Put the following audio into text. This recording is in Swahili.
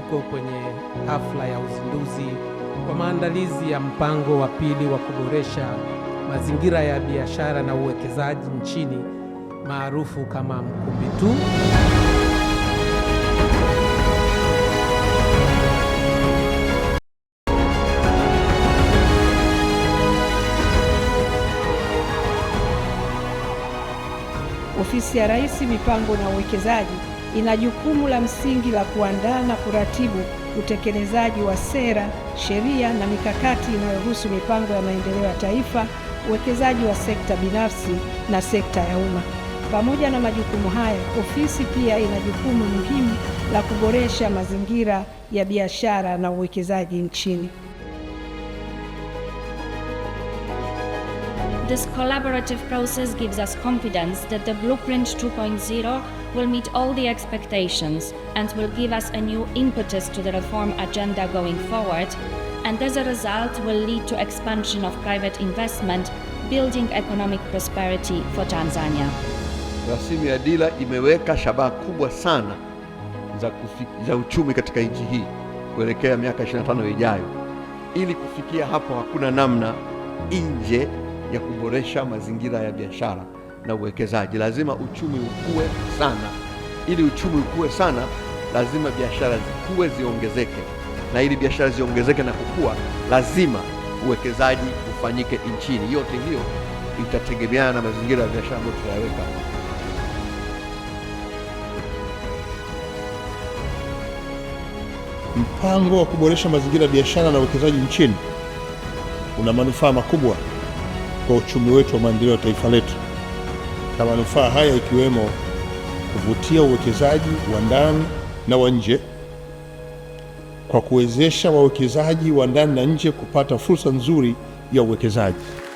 tuko kwenye hafla ya uzinduzi kwa maandalizi ya mpango wa pili wa kuboresha mazingira ya biashara na uwekezaji nchini maarufu kama Mkumbi tu. Ofisi ya Rais Mipango na Uwekezaji ina jukumu la msingi la kuandaa na kuratibu utekelezaji wa sera, sheria na mikakati inayohusu mipango ya maendeleo ya taifa, uwekezaji wa sekta binafsi na sekta ya umma. Pamoja na majukumu haya, ofisi pia ina jukumu muhimu la kuboresha mazingira ya biashara na uwekezaji nchini. This collaborative process gives us confidence that the Blueprint 2.0 will meet all the expectations and will give us a new impetus to the reform agenda going forward, and as a result will lead to expansion of private investment, building economic prosperity for Tanzania. Rasimu ya dira imeweka shabaha kubwa sana za, za uchumi katika nchi hii kuelekea miaka 25 ijayo. Ili kufikia hapo, hakuna namna nje ya kuboresha mazingira ya biashara na uwekezaji. Lazima uchumi ukue sana. Ili uchumi ukue sana, lazima biashara zikue, ziongezeke, na ili biashara ziongezeke na kukua, lazima uwekezaji ufanyike nchini. Yote hiyo itategemeana na mazingira ya biashara ambayo tunayaweka Mpango wa kuboresha mazingira ya biashara na uwekezaji nchini una manufaa makubwa kwa uchumi wetu wa maendeleo ya taifa letu, na manufaa haya ikiwemo kuvutia uwekezaji wa ndani na wa nje kwa kuwezesha wawekezaji wa ndani na nje kupata fursa nzuri ya uwekezaji.